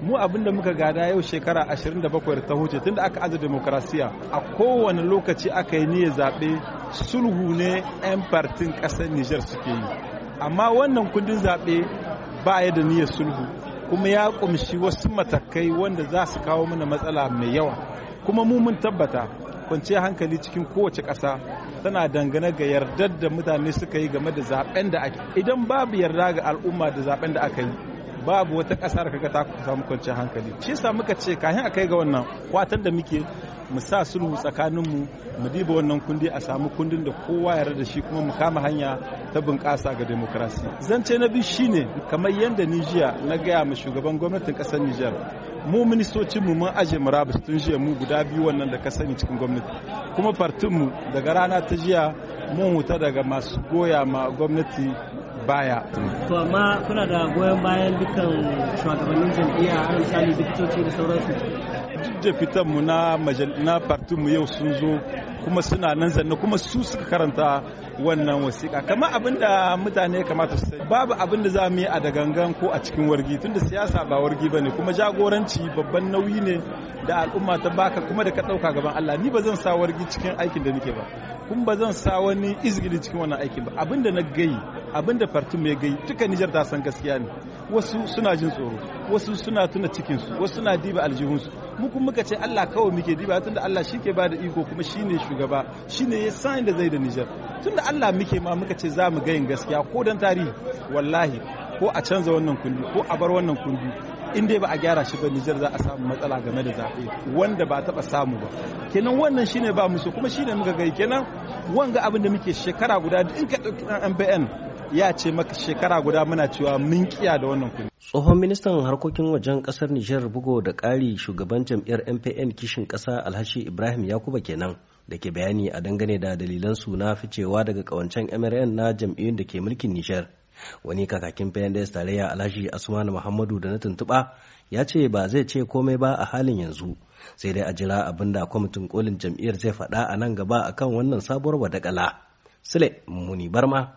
mu abin da muka gada yau shekara 27 ta huce tunda aka aza demokrasiya a kowane lokaci aka yi niyyar zaɓe sulhu ne 'yan fartin ƙasar Nijar suke yi amma wannan kundin zaɓe ba ya da niyyar sulhu kuma ya ƙumshi wasu matakai wanda za su kawo mana matsala mai yawa kuma mu mun tabbata kwanciyar hankali cikin kowace ƙasa tana dangane ga yardar da mutane suka yi game da zaben da ake idan babu yarda ga al'umma da zaɓen da aka yi babu wata ƙasa da kaga ta samu kwanciyar hankali shi yasa muka ce kafin a kai ga wannan kwatan da muke mu sa sulhu tsakaninmu mu diba wannan kundi a samu kundin da kowa yarda da shi kuma mu kama hanya ta bunƙasa ga demokrasi zance na biyu shine kamar yadda Nijiya na gaya ma shugaban gwamnatin ƙasar Nijar mu ministocin mu mun aje murabus tun jiya mu guda biyu wannan da ka sani cikin gwamnati kuma partin mu daga rana ta jiya mun huta daga masu goya ma gwamnati baya. To amma kuna da goyon bayan dukkan shugabannin jam'iyya a misali likitoci da sauransu. Duk da fitan mu na na mu yau sun zo kuma suna nan zanne kuma su suka karanta wannan wasiƙa kamar abin da mutane kamata su babu abin da za mu yi a dagangan ko a cikin wargi tunda siyasa ba wargi bane kuma jagoranci babban nauyi ne da al'umma ta baka kuma da ka ɗauka gaban Allah ni ba zan sa wargi cikin aikin da nake ba kuma ba zan sa wani izgili cikin wannan aikin ba abin da na gayi abin da fartum ya gai duka Nijar ta san gaskiya ne wasu suna jin tsoro wasu suna tuna cikinsu wasu suna diba aljihunsu mu kuma muka ce Allah kawai muke diba tunda Allah shi ba da iko kuma shi ne shugaba shi ne ya san da zai da Nijar tunda Allah muke ma muka ce za mu gayin gaskiya ko dan tarihi wallahi ko a canza wannan kundi ko a bar wannan kundi in dai ba a gyara shi ba Nijar za a samu matsala game da zaɓe wanda ba taɓa samu ba kenan wannan shine ba musu kuma shine muka gai kenan wanga abin da muke shekara guda in ka ɗauki ɗan MBN ya ce maka shekara guda muna cewa mun kiya da wannan kuɗi. Tsohon ministan harkokin wajen ƙasar Nijar bugo da ƙari shugaban jam'iyyar MPN kishin ƙasa Alhashi Ibrahim Yakuba kenan da ke bayani a dangane da dalilan su na ficewa daga ƙawancen MRN na jam'iyyun da ke mulkin Nijar. Wani kakakin PNDS tarayya alhashi Asmanu Muhammadu da na tuntuɓa ya ce ba zai ce komai ba a halin yanzu sai dai a jira abin da kwamitin kolin jam'iyyar zai faɗa a nan gaba akan wannan sabuwar wadakala. Sule Muni Barma